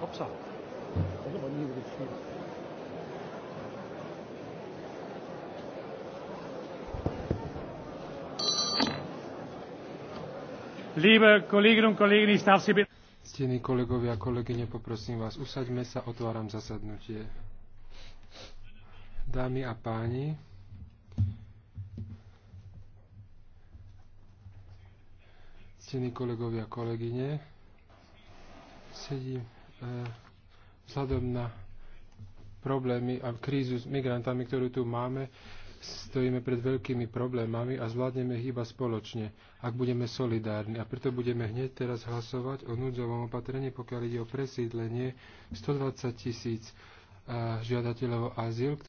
Hopsa. Das ist aber nie Liebe Kolleginnen und Kollegen, ich darf Sie bitten. Ctení kolegovia a kolegyne, poprosím vás, usaďme sa, otváram zasadnutie. Dámy a páni, ctení kolegovia a kolegyne, sedím Eh, vzhľadom na problémy a krízu s migrantami, ktorú tu máme, stojíme pred veľkými problémami a zvládneme ich iba spoločne, ak budeme solidárni. A preto budeme hneď teraz hlasovať o núdzovom opatrení, pokiaľ ide o presídlenie 120 tisíc eh, žiadateľov azyl,